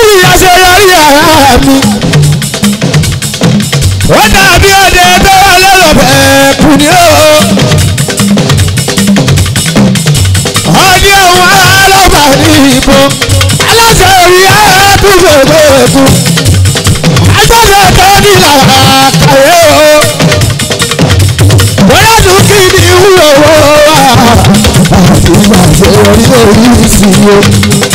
bí àṣeyọrí ara mi. ó dàbí òde tó wà lọ́lọ́bẹ̀ kù ní o. ọdún ọ̀hún alọ́pàá ní ìbò aláṣẹ orí àtúnṣe gbogbo. agbára tó ní làwọn o. bóyá tún kí ni wúlò wọ́ wá. àti ìgbà tó rí orí sí o.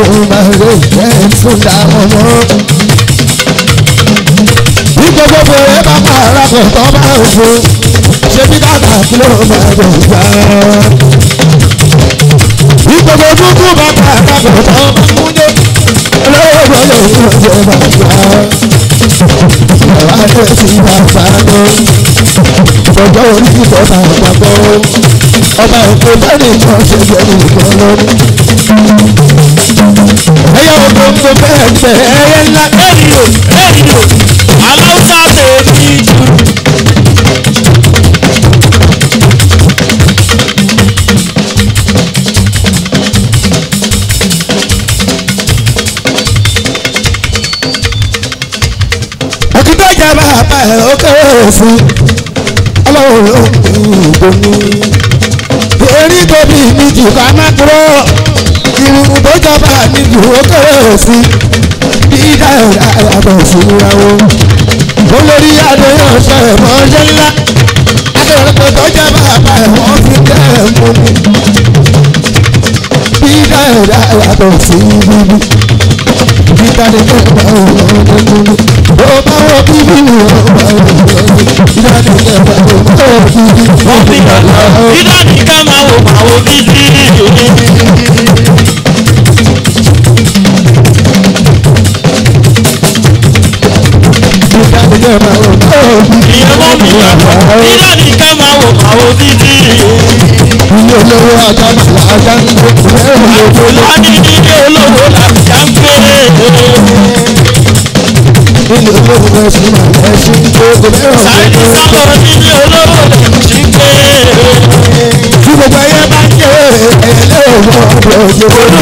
òmàlè jẹ́ ìfúnda ọmọ. Bí gbogbo rẹ̀ bá máa rákọ̀ tó máa ń fún, ṣé bí dáadáa kí ló máa lò gbà? Bí gbogbo dúdú bá máa rákọ̀ tó máa ń múlé, olówó ló lè fún ọjọ́ bá gbà. Bàbá rẹ̀ ti bá sáájú, ọjọ́ orí kíkọ́ náà gbàgbọ́. Ọba òkú bá nìkan ṣe jẹ́ nìkan lórí ẹyẹ ògbóngbò bẹ́ẹ̀ bẹ́ ẹyẹ ńlá ẹ̀rìndò ẹ̀rìndò aláwùsá tèmi jù. òkúta ìjàmbá àbá ẹ̀ ó kéré òfin ọlọ́run ló ń gbóni. èrí tóbi mi jù ká má kúrò. Tinubu tó jọba nílùú òkèrè sí dídá ẹ̀dá àbọ̀ wọn. olórí adéyàn sọ ẹ̀mọ́ ṣe ńlá adéyànpọ̀ tó jọba àbá ẹ̀wọ̀n fi dá ẹ̀mú mi dídá ẹ̀dá àbọ̀ sí bí dáadé tó bá òun ọdún lónìí. ó bá wọ bí bí mi ò bá òun ọdún dáadé tó bá òun ọdún lónìí. wọ́n fi hàn án dídáàdì ká máa wò máa wò bí bí òde. ìyẹn mi wá ilé ní ká máa wò àwọn títí. ilé olówó àtàkùn àjàǹgbé lẹ́yìn olówó. láti ilé olówó láti àǹgbé. ilé olówó lọ sí màá ẹ sí ń gbé lẹ́yìn olówó. sáyẹn sábà ilé olówó lọ sí ń gbé. tí gbogbo ayé bá ń jẹ́ ẹ̀ẹ́dẹ́gbọ̀n lọ́jọ́.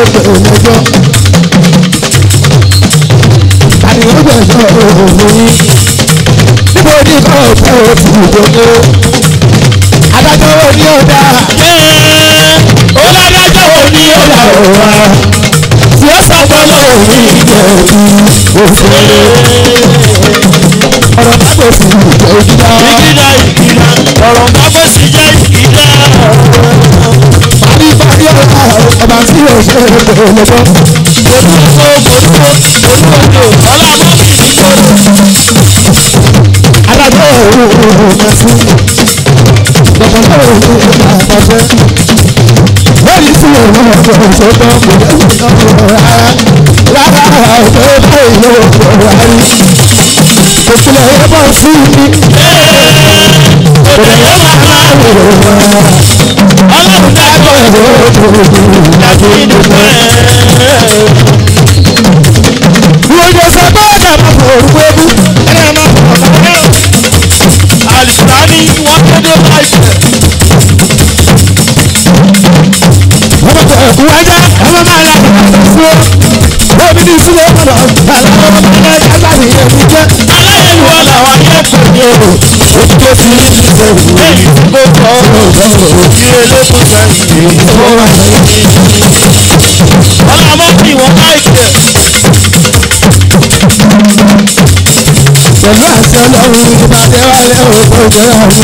ògbè òmùjọ. Àdì ògbè òjò òmùyí. Níbo ni kò fẹ́ òtù ìdòdó? Adájọ́ wo ni ó dá? Ó ládájọ́ wo ni ó dá òwa? Tí ó sọ fọlọ́ òní ìjẹ̀bi òṣèlú. Ọ̀rọ̀ bá gbèsè ìjẹ̀ ìjìlá. Ìjìlá ìjìlá. Ọ̀rọ̀ bá gbèsè ìjẹ̀ ìjìlá ọba tí o ṣe é lè bọ́. Olùkọ́ olùkọ́ olùkọ́ olùkọ́ alábọ́ọ̀lù alábọ́ òru mẹ́fún lọ́kọ̀ọ́ òru àpàṣẹ. lẹ́yìn tí òun ọ̀pọ̀ ìṣòkan kò lẹ́yìn kan rọra rárá ọ̀pọ̀ ẹgbẹ́ ìlú ọ̀pọ̀ rárí. òkúlẹ̀ ẹ̀ bọ̀ sí mi. òrẹ̀yẹ́ wà á rò wá ọlọ́run dákọ̀ ìdàgbé ìdìbò rẹ̀. Ìwòye sọ pé ẹ̀dá máa fò orúkọ ebú, ẹ̀dá máa fò ọ̀sán náà. Àlùfáà ní wọ́n tó dé láìpẹ́. Wọ́n bọ̀ la ìgbà sí ẹ̀rù ojú tó fi ní ìbẹ̀rù lẹ́yìn tí kò tọ́ ọ̀rọ̀ òbí elékùn sẹ́yìn èyí tó wà lẹ́yìn. ọlọ́mọ pẹ̀lú àti ọlọ́run ìpàdé wà lẹ́wọ̀n tó jẹ́ ọ̀run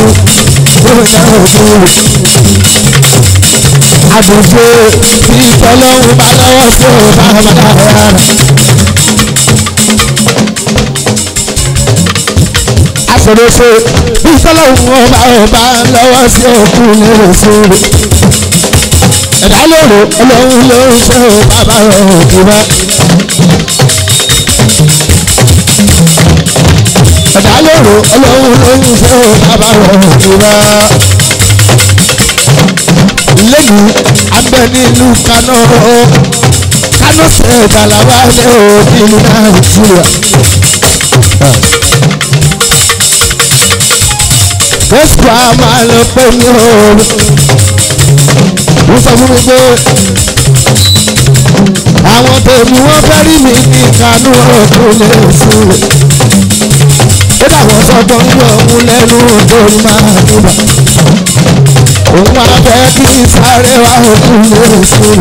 tó jẹ́ ọ̀run. àgbègbè tí bá lọ́wọ́ tó bá ọmọdé rárá. ṣeré ṣe bí sọ́lọ́hún ọba ọba lọ́wọ́ sí òkú ní oṣù rẹ̀. ẹ̀dá lòrò ọlọ́run ló ń ṣe ò bàbá òkú bá. ẹ̀dá lòrò ọlọ́run ló ń ṣe ò bàbá òkú bá. lẹ́nu abẹ́ nílùú kaná kánọ́sẹ̀ ìdàlàwálẹ̀ òbí náà jùlọ. jésù á máa lọ pé mi ò mo sọ fún mi pé àwọn tèmi wọ́n fẹ́ rí mi ní ìkànnì ọ̀tún lè fún mi kódà wọ́n sọ́jọ́ ń yọ òun lẹ́nu torí máa dùbà òun abẹ́ kí sáré wa òkun lè fún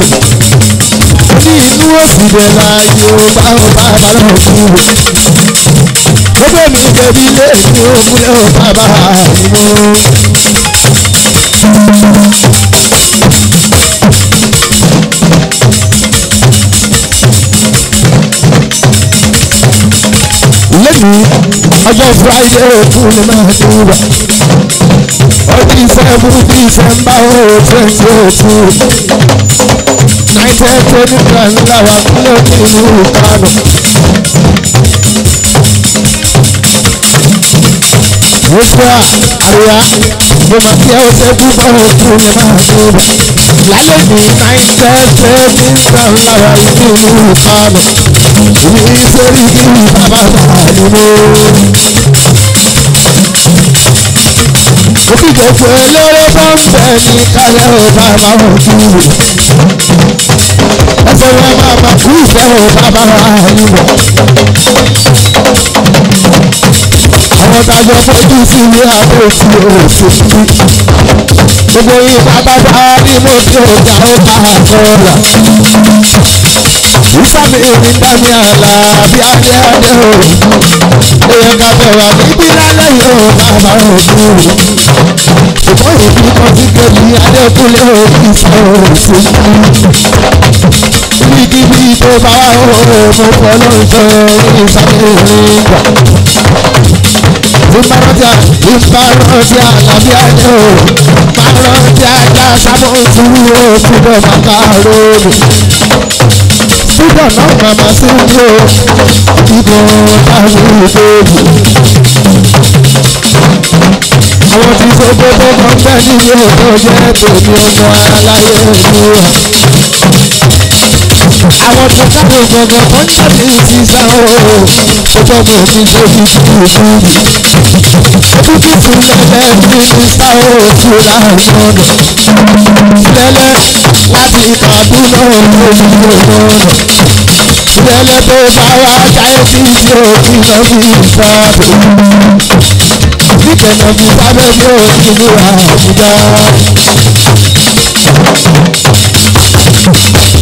mi ní ìlú òsì bẹ́ẹ̀ láàyè ó bá ó bá bá lọ́kùnrin gbogbo mi jẹbi ilé mi ò múlẹ̀ ò bàbá mi mọ́. lẹ́yìn ọjọ́ friday òkun lè máa dùn wá ọdún ìsẹ́mú dísẹ́mbà ó twenty oh two nineteen twenty one làwọn akúlẹ̀ òkun kánò. Nípa aria, mo máa fi ọ́ sẹ́kù bọ́ọ̀ tó lè máa tó bá. Láyé mi náírà tẹ́tẹ́ mi ń gbà lára ìlú ìpamọ́. Èmi sẹ́rí kí bàbá náà lówó. Òkìkẹ́ fún eléré bọ́m̀bẹ̀ ní kálẹ̀ ò bàbá òkú. Ẹsẹ̀ wọn máa máa fún ìfẹ́ ò bàbá àyùbọ̀ àwọn tájọ fojú sí ní àbòsí òṣèlú gbogbo yìí pápátá ní mo fi ọjà ó bá a sọ̀rọ̀ ìsàmì èmi ń dá mi àlà bí adé adé o èèyàn ká bẹ̀ wá níbí lálẹ́ yìí ó bàbá ògùn ṣùgbọ́n èmi kan ti kẹ́mi adékúnlé òbí sọ̀rọ̀ òṣèlú níbikíbi tó bá wà ó mo fọ́ lóúnjẹ ìsàmì èmi ń gbà ìparọ́jà ìparọ́jà àlàbí àjọ ìparọ́jà àjàkámọ́ òtúrú òkúdọ̀ bàbá ròdù síbọ̀ náà màmá sí wo ìbọn táwọn ìbéèrè àwọn tí tó gbogbo kan fẹ́ nílé ọ̀dọ́ jẹ́ tèmi ọmọ aláyé ìlú wa àwọn tó sáré gbọ̀ngàn wọn ní àbílí ti sá o ọjọ́ mi ò ní lè fi kú fún mi kúkú fún lẹ́lẹ́ bí sá o tí ó rà lọ́dọ̀ lẹ́lẹ́ láti Kàdúná olùkọ́ lọ́dọ̀ lẹ́lẹ́ tó bá wá jáde sí òkú lọ́ fi ìfàbò nígbẹ̀nà mi sábẹ́ mi ò sí ní Àbújá.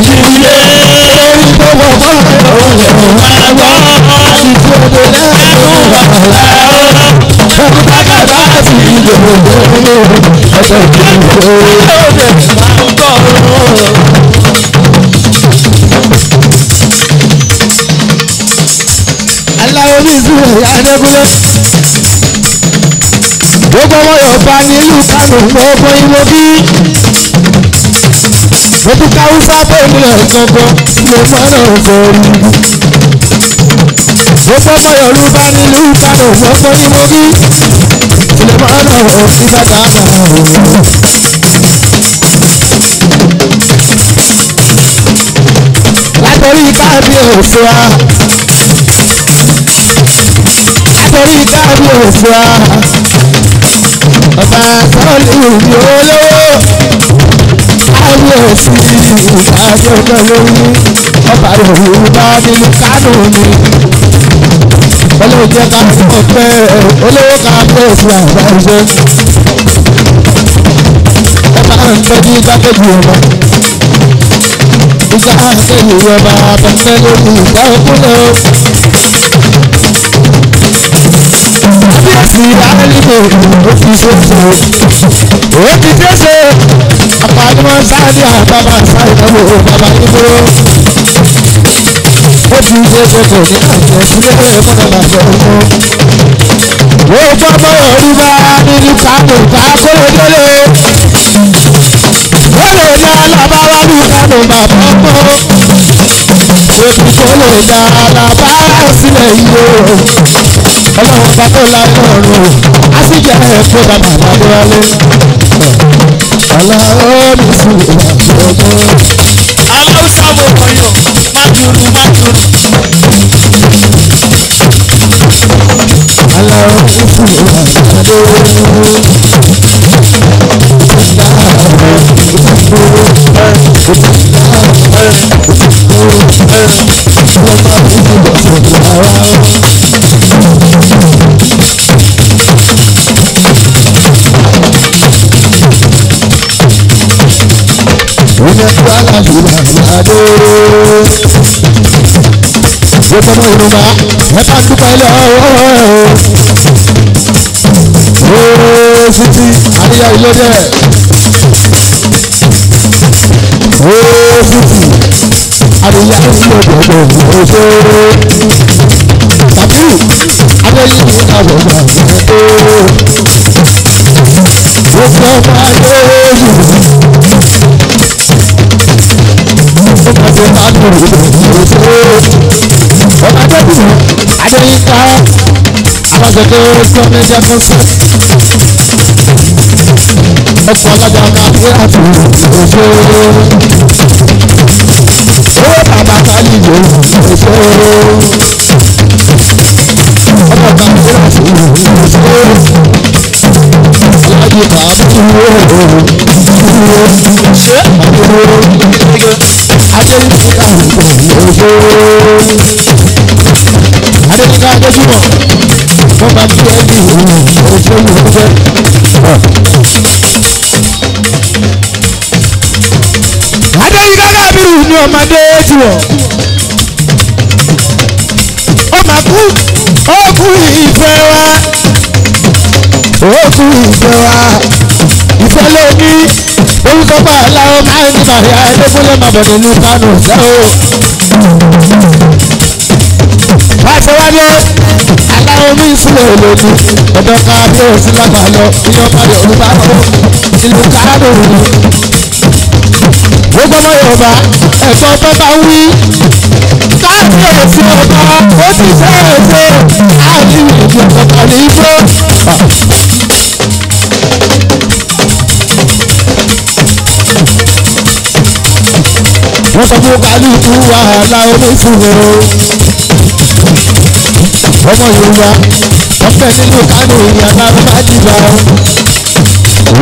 jíire. lórí gbogbo bọ́ọ̀lù òun máa gbọ́. àṣìṣe òde lẹ́kùn bàbá òun bàbá àti ìdòwò ọ̀sẹ̀ ìdòwò òde máa ń gbọ́. aláwo ní ìdúró ìyá adékúnlé gbogbo wọn yóò bá nílùú kánò lọ́wọ́ fún ìwọ́bí ó ti ká ufa bẹ́ẹ̀ni ọ̀kan bọ́ mo fẹ́ràn ọ̀gọ́rù. ó fọ́fọ́ yorùbá nílùú kánò mọ́kọ́ ni mo bí ilé máa ń rọ̀ sí bàtà àgbà ọ̀hún. látọ̀rí káàbí òfin a látọ̀rí káàbí òfin a ọ̀tà sọ́ọ̀lù mi olówó kábíyèsí ìdájọ́ lórí ọba yorùbá nínú kánò ni olówó jẹ́ ká mọ̀ pé olówó kábíyèsí àgbà ìṣe ọba ń tọ́jú igbákejì ọba igbákejì ọba abẹ́fẹ́ lórí ìgbà òkúlẹ̀ o. kábíyèsí alẹ́ ló fi ṣòfò ó ti dẹ́sẹ̀ àpàlùmọ̀ sáàdì àbábà sáìdánwò bàbá igbó ó ti dẹ́sẹ̀ kò ní àjẹsílẹ̀ kọ́nà làjọ mọ́. ó fọ́mọ́ òrùba nínú kánò bá kóró délé ó lè dá alábáwá ní kánò bàbá mọ́. èmi kò lè dá alábáwá sílẹ̀ yìí o ọlọ́run bá tó lápọ̀ ọ̀run á sì jẹ́ ẹ̀kọ́ bàbá àbáwálé aláwọ̀ mi sì wà lọ́wọ́. haúsá mo kọyọ̀ májúrú májúrú. aláwọ̀ mi sì wà fọmọ yorùbá ẹ bá dúpẹ́ lọ́wọ́ ooo fiti àríyá ìlọdẹ ooo fiti àríyá ìlọdẹ ooo tàbí adéyí ni àwọn ọmọ ooo gbogbo ọmọ adéyí ọmọdé bá lù ú ooo ọba dẹ́kun adéyínká alágbèdè kọ́mẹ́díà concert ọkọ̀ alága ọ̀nà àgbẹ̀ àti òjò owó bàbá kálí yòó òjò ọmọ ọ̀gá àgbẹ̀ àti òjò alágbèdè kàmú ìwé ṣé àdéhùn adéyínká òjò adébúrọ̀ wọ́n bá bú ẹbí ìwúrọ̀ ojú olùwọ́fẹ́. adéyíká kábírù ni ọmọdé ti wọ̀ ọmọ kú ó kú ìfẹ́ wa ó kú ìfẹ́ wa ìfẹ́ ló ní orúkọ pààlà ọmọ àìní màrí adébúlẹ̀ màbọ̀dé ní kánò sẹ́wọ̀. Fáṣewálé aláwọ̀ mi sílẹ̀ olóòtú ọ̀dọ̀ kábíyèsí lágbà lọ ilé ọba Yorùbá o ìlú kárọ̀rù. Gbogbo ọmọ Yorùbá ẹ̀gbọ́n tó bá wí. Kábíyèsí ọba ó ti fẹ́ ẹ̀fẹ́ àti ìdíje ọ̀kan ní igbó. wọ́n sọ fún kálukú wàhálà onífúnni o ọmọ Yorùbá ọ̀fẹ́ nínú Kánò ìyá bàbá bá dìbà o.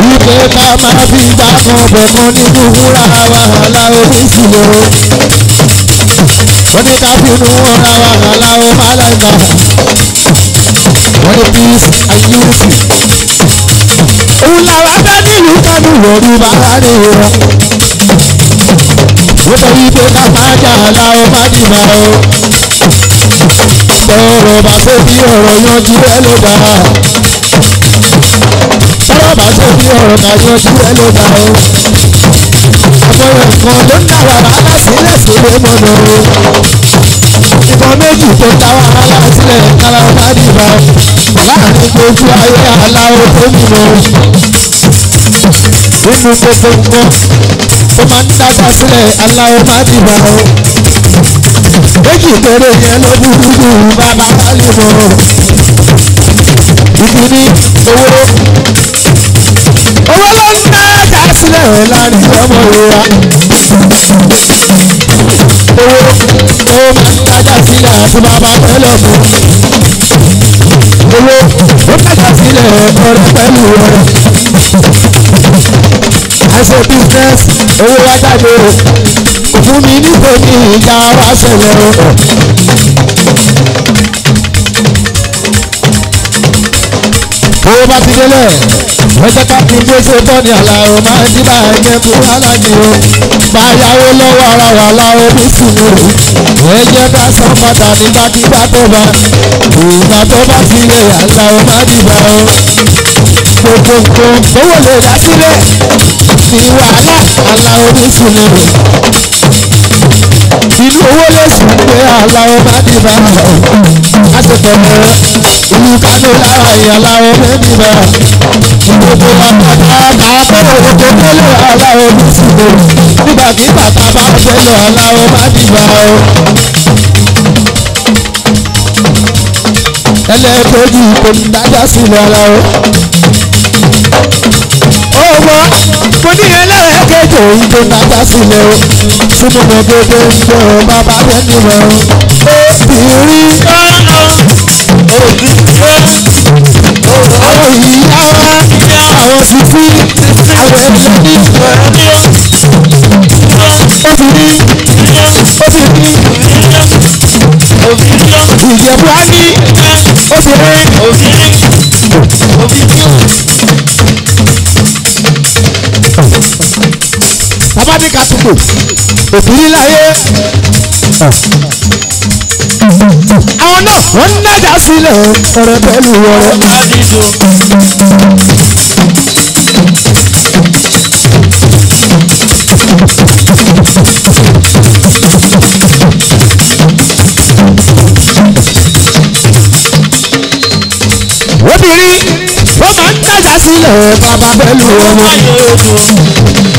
wípé ká máa fi gbà kan bẹ̀kan nínú wúrà wàhálà oríṣi o. wọ́n ní ká fi nu ọ̀rá wàhálà o má láìka. wọ́n ní peace and unity. òun làwọn fẹ́ nílùú Kánò Yorùbá rárẹ̀ o. wípé wípé ká máa jà láwọn má dìbà o sọ̀rọ̀ bá ṣe bí ọ̀rọ̀ yanjú ẹ ló dáa sọ̀rọ̀ bá ṣe bí ọ̀rọ̀ ká yanjú ẹ ló dáa o àpẹẹrẹ nǹkan ló ń dáwà rárá sílẹ̀ sílẹ̀ mọ́nà o ìbọn méjì tó dáwà rárá sílẹ̀ kára bá dìbà láàrin gbogbo ayé aláwọ̀ tó nìmọ̀ nínú gbogbo nǹkan tó máa ń dáwà sílẹ̀ aláwọ̀ bá dìbà o méjì péré yẹn ló burúkú bàbá kálífọ̀ ìdí ní owó owó ló ń ná ẹja sílẹ̀ láàrin ọmọ ìrora owó owó máa ń tajà sílẹ̀ àti bàbá tẹ́lẹ̀ mú owó ó tajà sílẹ̀ ọ̀rẹ́ pẹ̀lú ọ̀rẹ́ àìsàn business owó wájáde o fún mi níbo ni ìjà wa ṣẹlẹ̀ o. owó bá ti délẹ̀ wọ́n jẹ́ ká kí n bí ó ṣe tọ́ ni àlàó máa ń díbà ẹ̀jẹ̀ tó aláàjì o máa yáwó lọ́wọ́ ara wa láwọn onísùnmù ẹ jẹ́ ká san padà nígbàkigbà tó bá ìgbà tó bá ti lè o máa dìbà o gbogbo nǹkan owó lè dá sílẹ̀ ìwà àlà àlàó onísùnmù ìlú owó lè sì pé aláwọ má ní bá àtẹ̀tẹ̀ ìlú kánú lára ìyàláwọ lè ní bá gbogbo àpàtà àpò òkòkò tẹ́lẹ̀ aláwọ ní síbò nígbàkigbà tá a bá tẹ́lẹ̀ aláwọ má ní bá o. ẹlẹ́ẹ̀kejì kò ní dájá sílẹ̀ aláwọ owó mo níyẹn lára ẹgbẹ́jọ ìjọ nàgbà sílẹ̀ o tí mo mọ gbogbo ìjọ bàbá bẹ́ẹ̀ni rẹ̀ o obìnrin àwọn ìyá wa àwọn fífi àwọn ẹgbẹ́ ní obìnrin obìnrin ìjẹ̀bú á ní obìnrin. fani katuko òbírí láyé àwọn náà wọ́n ń nájà sílẹ̀ ọ̀rẹ́ pẹ̀lú ọ̀rẹ́. obìnrin wọ́n máa ń nájà sílẹ̀ bàbá pẹ̀lú ọ̀rẹ́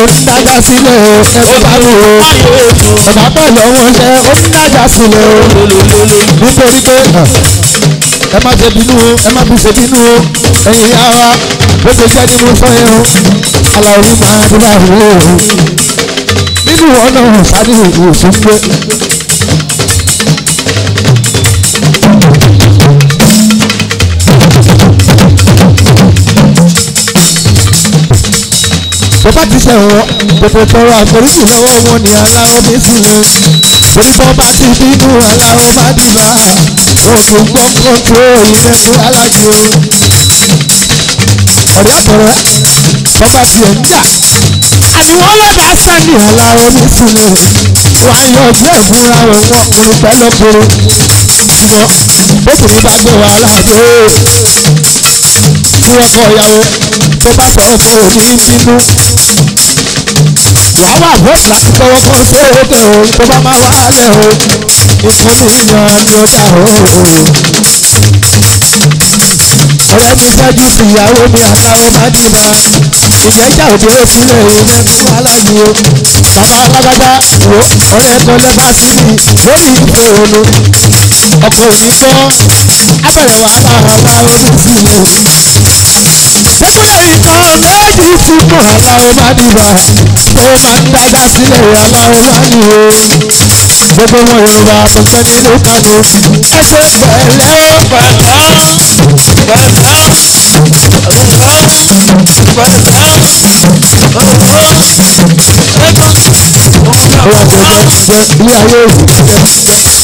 ó ń dájà sílẹ̀ o ẹ̀kọ́ bá wò ó ọ̀bá pẹ̀lú ọwọ́ ṣẹ́ ó ń dájà sílẹ̀ o nítorí pé ẹ má ṣe bínú o ẹ má fi ṣe bínú o ẹ̀yin yá wa bó ṣe jẹ́ nínú sọ́yẹ́ o aláwọ̀ máa ń bá wò ó nínú ọ̀nà ìsádìrì ìwòsàn pé. bó bá ti ṣẹ̀ wọ́n gbogbo tọrọ àforíjì lọ́wọ́ wọn ni aláwọ̀ ní sílẹ̀ torí bó bá ti bínú aláwọ̀ má dìbà oògùn gbọ́ kọ́ńtró ìrẹ́nu alájò ọ̀rẹ́ àtọ̀rẹ́ bó bá ti ẹ̀ ń jà àdìwọ́ lọ́dà sani aláwọ̀ ní sílẹ̀ wọ́n á yọ ọjọ́ ìfúnra wọn wọn kò pẹ́lẹ́ poro ọmọ bókùnrin bá gbé wàhálà dé fún ọkọ ìyàwó tó bá bọ̀ ọ́ tó ní nínú. wàá wà bóòlù láti tọwọ́ kọ́ sókè o tó bá máa wálẹ̀ o ikún níyàn ni ó ta o. ọ̀rẹ́ mi fẹ́ ju tìyàwó mi àtàwọn májèlá ìjẹ́jà òjòrò sílẹ̀ ìyẹn tó wà láàyè o bàbá alágbádá wo ọ̀rẹ́ kan lẹ́fà síbi lórí ìfẹ́ ònu ọkọ̀ òní gbọ́ abẹ̀rẹ̀ wàhálà wa olùsílẹ̀ òní. sẹ́kúlẹ̀ nǹkan méjì fún mọ́ ọ̀la ọba dìbà tó máa ń sílẹ̀ ọ̀la ọba nìyẹn gbogbo wọn Yorùbá kò fẹ́ nínú kánú. ẹ ṣe pẹ̀lẹ́ ó pẹ̀lẹ́ pẹ̀lẹ́ owó pẹ̀lẹ́ owó ẹ̀kọ́ owó pẹ̀lẹ́ ilé ayé òkú pẹ̀lẹ́.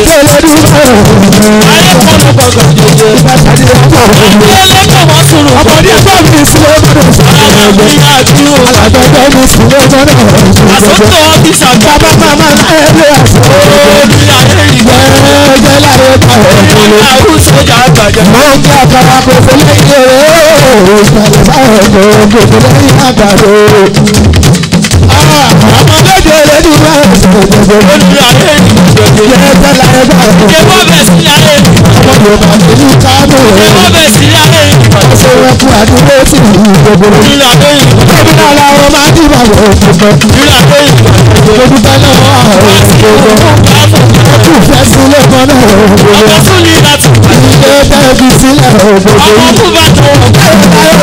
Ìbàdàn lọ́dún kan. Ayé kọ́ ló gbọ̀ngàn jẹjẹ. Ìbàdàn lọ́dún kan. Ayé lọ́dún mọ́ sùúrù. Àbọ̀dé ẹgbẹ́ mi sùn lọ́gbọ̀dọ̀. Àbọ̀dé àti o. Àbọ̀dé mi sùn lọ́gbọ̀dọ̀. Àsọ̀tọ̀ ọ́fíìsì àgbà. Bàbá màmá láyé bí àṣọ. Omi ayé ìgbà. Ẹ̀ẹ́dẹ́ láyé pa ẹ̀ẹ́dẹ́. Àwọn sójà àgbàjá. Mọ̀ ń jẹ́ àkàrà kò fún lẹ́yìn rẹ̀. Ìgbàlẹ̀ báyọ̀ kò fún lẹ́yìn àgbàdo. Àwọn àmọ́ olùwà òsèlú gbogbo olùwà ayé ìgbòjò lẹ́gbẹ́ láyébá òkú ẹ̀fọ́ bẹ̀ sí ayé ọmọ yorùbá ìlú káàbọ̀ rẹ̀ ẹ̀fọ́ bẹ̀ sí ayé ìgbòjò wọ́n fún àdúgbò sí ìlú gbogbo olùwà ayé ìgbòjò gómìnà làwọn máa ń dìbò àwọn òkùnkàn olùwà ayé ìgbòjò olùbá lọ́wọ́ àwọn òkùnkàn kù fẹ́ sílé kan náà òkùnkàn ọmọ fún ni láti ilé bẹ́ẹ̀ fi sílẹ̀ òkùnkàn ọmọ fún bàtà òkùnkàn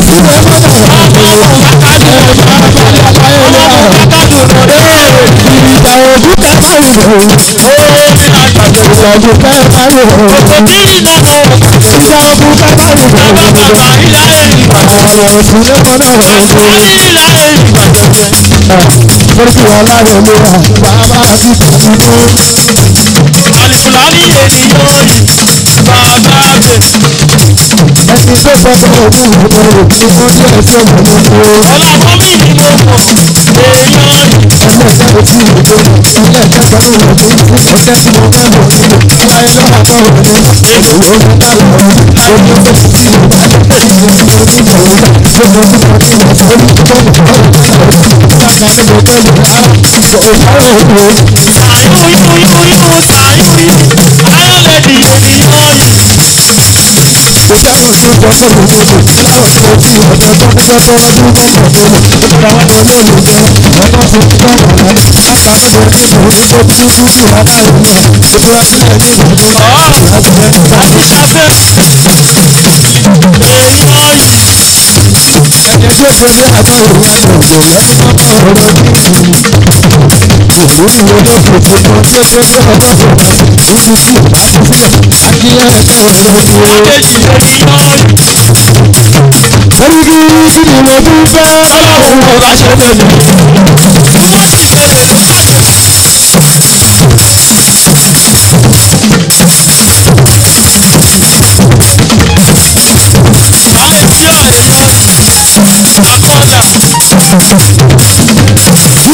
ìsọ̀gùn fẹ́ báyìí o. Kòtò ní ìdáná o. ìsọ̀gùn fẹ́ báyìí o. Bàbá bàbá ilé ẹ̀yìn ìbàdàn. Àwọn òṣù ló mọ náà wọ̀ ọ́. Àṣà ní ilé ẹ̀yìn ìbàdàn. Bóríkì ọ̀làrin ló wà. Bàbá àti tòun ló. Àlùfáà ní ènìyàn yìí. Bàbá bẹ̀ ẹni tó gbọ́dọ̀ ọdún ìgbẹ́ rẹ̀ kí ló dé ẹjọ́ mọ̀ ní o. ọlọ́kọ́ mi ni mo mọ̀ èèyàn. ọmọ ìyá mi ti lè dé ilé ìjọba ní ìlú ọjọ́ tí mo bá lọ sí wáyé lọ́wọ́ àbọ̀wọ̀ ní èmi ò fẹ́ bá lọ omi tó ti ti lè bá lọ sí ìlú tó ti lè bá gbogbo tí mo ti lè fẹ́ mi tó lè bá lọ sí ìlú tó lè bá lọ sí ìlú tó lè bá lọ sí ìlú. sàyúyúyúyú sàyúyú ayọ̀lẹ̀ dìde ní ọ̀yẹ́ ìdáhùn sí ìjọsìn gbogbo láwọn tó ti ọ̀dọ́ tó bí lọ́jọ́ ọdún gbọ́dọ̀ gbọ́dọ̀ ìgbà wọn lè mú mi jẹ ọdún tó ti tọ̀ wọ̀ lẹ́ àtàwọn ìbò tí ìbò tí tó bí ń sùn bàbá rẹ̀ ní ẹ̀ ìbúra sílẹ̀ ní ìbòdó ìlàjìlẹ̀ tó bá ti ṣàfẹ́. ẹ̀jẹ̀ tó ṣe ní àgbà òun ẹ̀ ìwé ìwòjọ́ tuntun tó ṣe é fún ọjọ́ tuntun níbi tí àgbéyà ẹ̀kọ́ ọ̀rọ̀ méjì lórí yọ́ọ̀lù. Orígi sí ni mo tún fẹ́. Ọlọ́run mo bá ṣe fẹ́ mi. Thank you.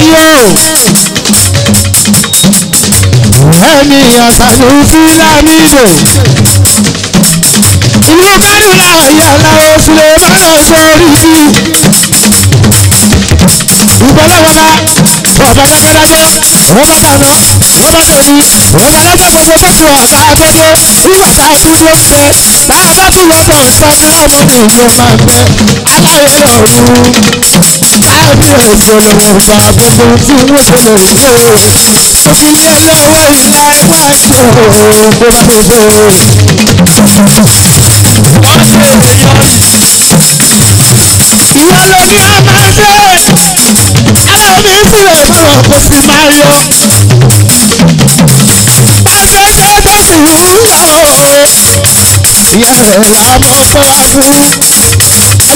ayé ẹni àtàlù fúlàní lò ìlú kánò làwọn ìyàlá òfìlè báyọ̀ sórí sí ìgbọ́lọ́wọ́lá bọ̀dọ̀ dákẹ́dájẹ́ ọlọ́kàná ọlọ́kàní ọ̀gádágbàgbọ́gbọ́ bọ́ọ̀lù ọ̀gá abẹ́dẹ́ nígbàtà fún lóúnjẹ tá a bá fún lọ́pọ̀ ọ̀sán láàmú ìlú máa gbẹ aláyé ọ̀run láàrin ọ̀dọ̀ ìwà gbogbo tí wọ́n ṣe lò. Òṣìṣẹ́ lọ́wọ́ ìyá ìwádìí gbogbo. Wọ́n ṣe èèyàn yìí. Ìwọ lórí ọmọdé. Ara mi ń sílẹ̀ mọ́ kó sì máa yọ. Ọ̀dọ́dọ́ tó ìwọ ń lọ. Ìyá rẹ̀ wà mọ́ fún.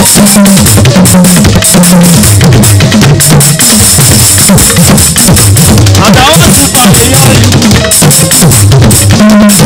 Thank you.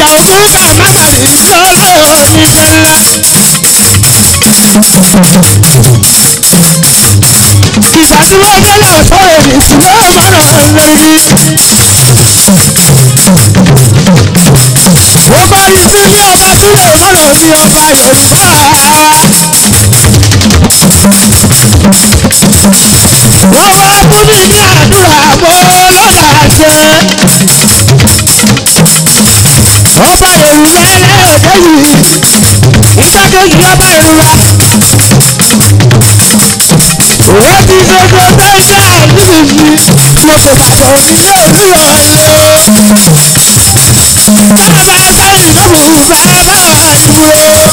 Bàbá bàbá mi ò ní ńlá. Ìgbà tí wọ́n délẹ̀ ọ̀tọ́ èrè sí yóò mọ̀nà mọ̀nà yìí. Mo bá rí tó ní ọba túbọ̀ mọ̀nà ní ọba yẹ̀rù bá. Wọ́n wá fún mi ní àdúrà mọ́ àṣẹ ọba ìròyìn lẹ́lẹ́ yìí ìṣàkejì ọba ìrora ó ti dodo dọ́jà ìlú yìí mo fi pàṣẹ òfìsí olúwa o ọba adẹ́rìn tó mú un fẹ́ wá àdúré. mo fi yẹn ní gbogbo kánsílọ̀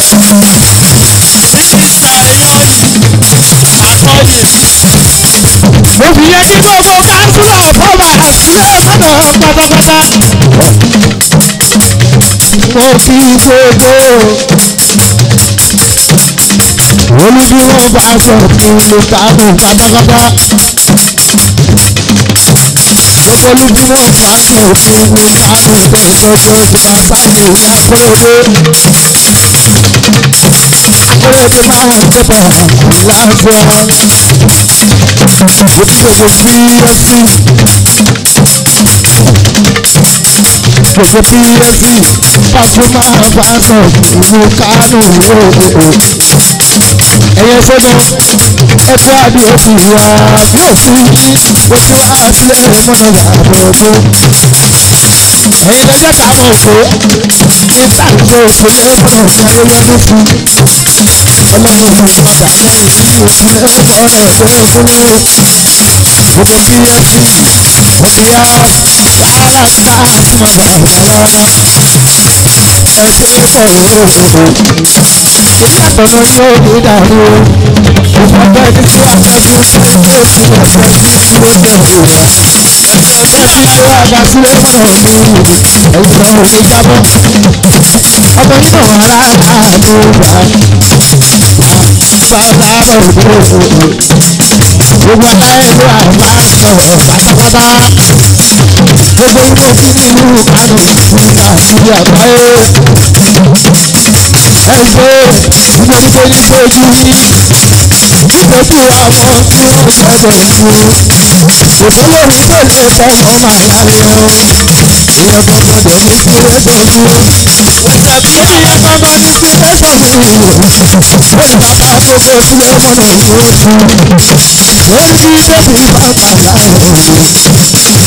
fọwọ́ àdúré lọ́nà pátápátá mo fi gbogbo. Olú bí wọ́n bá sọ fún mi táwọn pátápátá. Olú bí wọ́n bá sọ fún mi táwọn gbọ̀ngbọ̀ngbọ̀ bàbá mi yá fún owó. Bóyá ti bá wọn tó bọ̀ lágbo. Mo fi ṣòwò bí wọ́n sí kò sí bí ó sì kọ́kú máa gbà tán ìlú kánò òòrùn. ẹ̀yẹ sọ́dọ̀ ẹ̀kọ́ àbí òkú wa bí òsì ojú wa sílẹ̀ mọ́nà àbọ̀dọ́. ẹ̀yin tó jẹ́ ká mọ̀ pé ìta ìṣe òkú lẹ́wọ̀n ìṣẹ́ olóyún fún ọlọ́run fún ọ̀dà lẹ́yìn tí òkú lẹ́wọ̀n ọ̀rọ̀ tó ń fún lẹ́wọ̀n. gbogbo bí ó sì ọ̀kẹ́yà. Ìfọ̀sọ̀rọ̀ yóò ní ìdàrú. Ìfọ̀sọ̀rọ̀ ẹni tí wọ́n ṣáájú tó ti lè fẹ́ tí ó jẹ òkú. Ìfọ̀sọ̀rọ̀ àgbà sílé fún ọ̀gbìn ẹ̀sán òwe jábọ̀. Ọmọ nínú ara àánú wa. Fàlà òdòdó. Gbogbo aláìlú àmà sọ̀rọ̀ bàtàbàtà gbogbo iná bí nínú kánò ní àti àbáyé. ẹ ṣe ìgbòho ní kojú yín ìgbésí àwọn tí wọ́n sọ̀rọ̀ ẹ̀kú. òṣèlú mi kò lè fọkàn máa wáyé o. èèyàn kan gbọdọ̀ ní kúrò dojú. tàbí ènìyàn kan bá ní kí fẹ́fọ́ mi wò. bẹ́ẹ̀ bá pa kókó sílẹ̀ mọ́nà yóò tú. ó ní bí bá padà rẹ̀ o.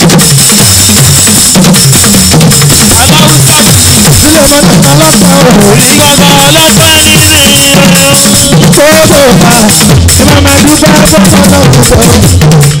Kódò bá, ẹ má máa dúpẹ́ fọ́nà lọ́wọ́.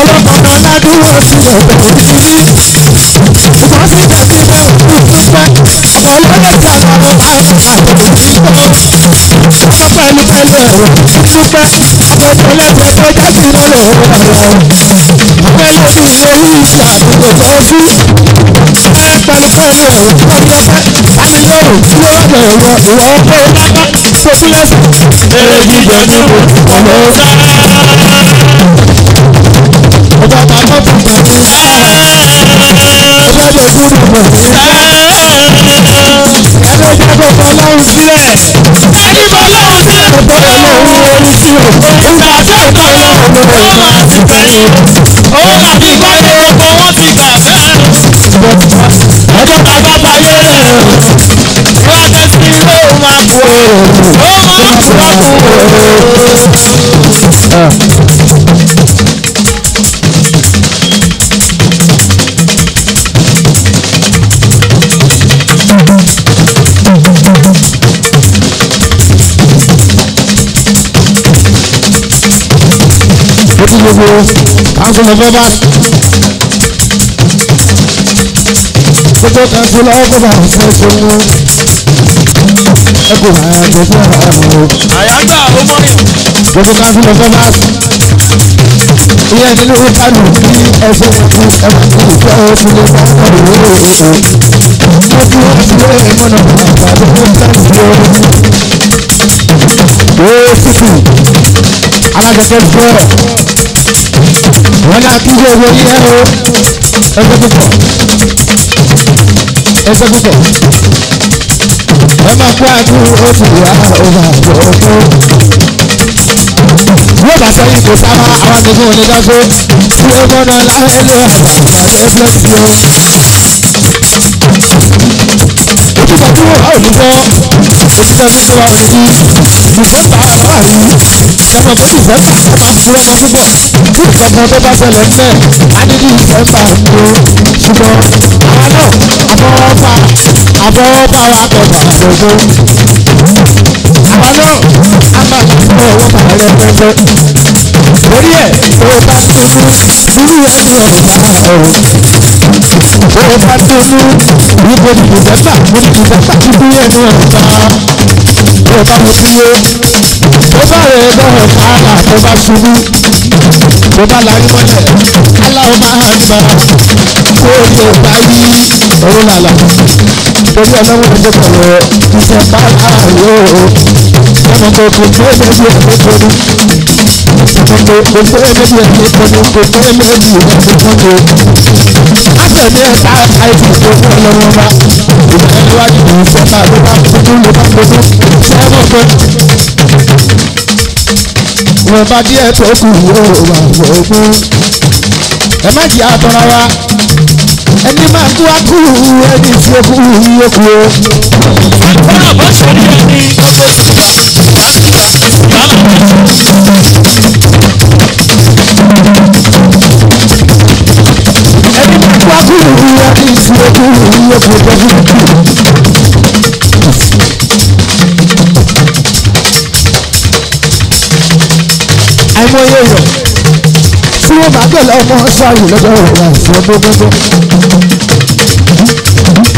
ọlọ́kọ̀ọ́dọ́ ládùúgbò sí ọ̀pẹ̀ òdìrí. ṣùgbọ́n síbẹ̀ síbẹ̀ òkú pípẹ́ ọ̀pọ̀lọ́dọ̀ tí a lọ bá ọ̀pẹ̀ nípẹ̀lú ẹ̀rọ pípẹ́ ọ̀pọ̀lọ́dọ̀ tó jáde wọn lò ó bàbá ọ̀pẹ̀ ló fi orí ìṣà àdúgbò tó kú. ọ̀pẹ̀ nípẹ̀lú ẹ̀rọ pípẹ́ tanilóòrò tí ó rọ̀ ìwọ ìwọ ọkọ̀ lápá fòkúlẹ̀sì. èrè gbígbẹ́ níbo ọjà ta tó tún gbà ní. ọjà jẹ kú nìbò. ẹni ọjà tó fọ lọ́run sílẹ̀. ẹni fọ lọ́run sílẹ̀. ọjọ́ ọlọ́run ní orí sílẹ̀. ìgbà tó fọ lọ́run ló máa ti gbẹ̀yìn. ó máa ti gbọ́dọ̀ ọkọ̀ wọn ti gbà bẹ́ẹ̀. ọjọ́ ta bá báyé rẹ̀ wọ́n máa ń pọ̀ ọ́ sí gbogbo asọ̀lọ́fẹ́ bá. gbogbo kan sí lọ́wọ́ kó bá wọn fẹ́ ṣe mú. ẹ kò máa yà gbogbo ara rẹ o. àyàgbà ó mọ̀ yẹn. gbogbo kan sí lọ́fẹ́ bá. ilé ẹni ló ń kánú bí ẹsẹ̀ ẹ̀kú ẹ̀kú ìfẹ́ oṣù lè bá ọ̀rọ̀ ìwé òkú. wọ́n fi wọ́n fi wọ́n èèmọ̀ náà wọ́n àgbàdo ó ń tẹ̀síwọ́n. ó sì kù alájọpọ̀ bẹ́ẹ̀ wọn ní akíndé owó ní ẹ o ẹsẹ púpọ̀ ẹsẹ púpọ̀ ẹ máa kó àdú oṣù wa ọba àjọ ọkọ. wọ́n bá sẹ́yìn kò sábà àwọn àgbẹ̀fọ́ onígbàgbọ́ tí ó gbọ́dọ̀ láwọn ẹlẹ́ àgbà ẹgbẹ́ sí o. ó ti sọ fún àwọn olùkọ́ òṣìṣẹ́ lọ́jọ́ wa rí ní ìfẹ́ ta wà rí ẹ̀mọ̀ pé ìfẹ́ ta ó máa fún ọmọ púpọ̀ tí ìfẹ́gun tó bá ṣẹlẹ̀ ńlẹ̀ adídí ìfẹ́ ta ni o ṣùgbọ́n àwa náà àbọ̀wọ́fà àbọ̀wọ́fà wa bẹ̀rẹ̀ àgbẹ̀gbẹ́ àwa náà a máa ní ìfẹ́ ọwọ́ bàbá rẹ̀ pẹ́pẹ́ torí ẹ̀ tó bá ti rú irú ẹni ọ̀rọ̀ bàbá rẹ̀ o. Ọba tó mú ibo ìdẹ́fà mú ìdẹ́fà dúdú ẹnu ọ̀tá. Ọba mo dúró. Ọba rẹ̀ bọ̀rọ̀ káàlà tó bá ṣubú. Ọba larí mọ́lẹ̀. Aláwọ̀ máa ń gbà. Oòrùn ọ̀gá yí òun làlà. Torí ọlọ́run ló dé pẹ̀lú ìṣẹ̀bá láàrin òun ọmọ kò tó ẹlẹ́bí ẹ̀mí pẹ̀lú díẹ̀ tó kù ó wà wọ́n ẹ má jìyà tọ́ra wa ẹni máa tó wá kú ẹni tí ó kú yóò kú o. àwọn àbá sọ̀rọ̀ yẹn ni ọ̀pọ̀ ìsìnkú. ẹni máa tó wá kú ẹni tí ó kú yóò kú o. àìmọye yọ tí wọ́n bá gbẹ̀lẹ̀ ọmọ sáré lọ́jọ́ ìwà ìfẹ́ gbogbo.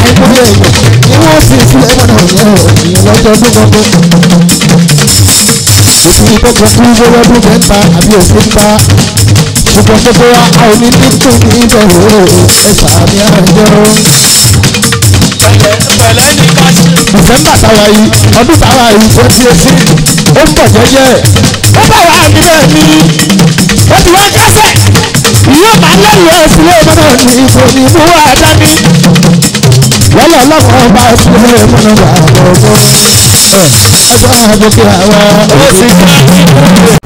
àìmọye èèyàn ni wọ́n fi ìfilẹ̀ mọ́nà ìyẹn òyìn lọ́jọ́ gbogbo. òfin gbogbo fún gbogbo ọdún mẹ́ta àbí òfin pa ṣùgbọ́n gbogbo wa a ò ní nítorí níbẹ̀ ní àjọ. pẹ̀lẹ́ pẹ̀lẹ́ ní ká ṣe. ìfẹ́ bàtà wa yìí ọdún tàwa yìí twenty eighteen ó ń bọ̀ jẹ́jẹ́ ó bá wà ní bẹ́ẹ̀ ni ó ti wá kásẹ̀ yóò máa lẹ́yìn ẹ̀sìn lé mọ́nà ní ìfòní fún wa dání wọ́lọ̀ ọlọ́mọ ọba ẹ̀sìn lé mọ́nà wà lọ́wọ́ ẹgbẹ́ àgbẹ̀kẹ̀ àwọn òṣìṣẹ́.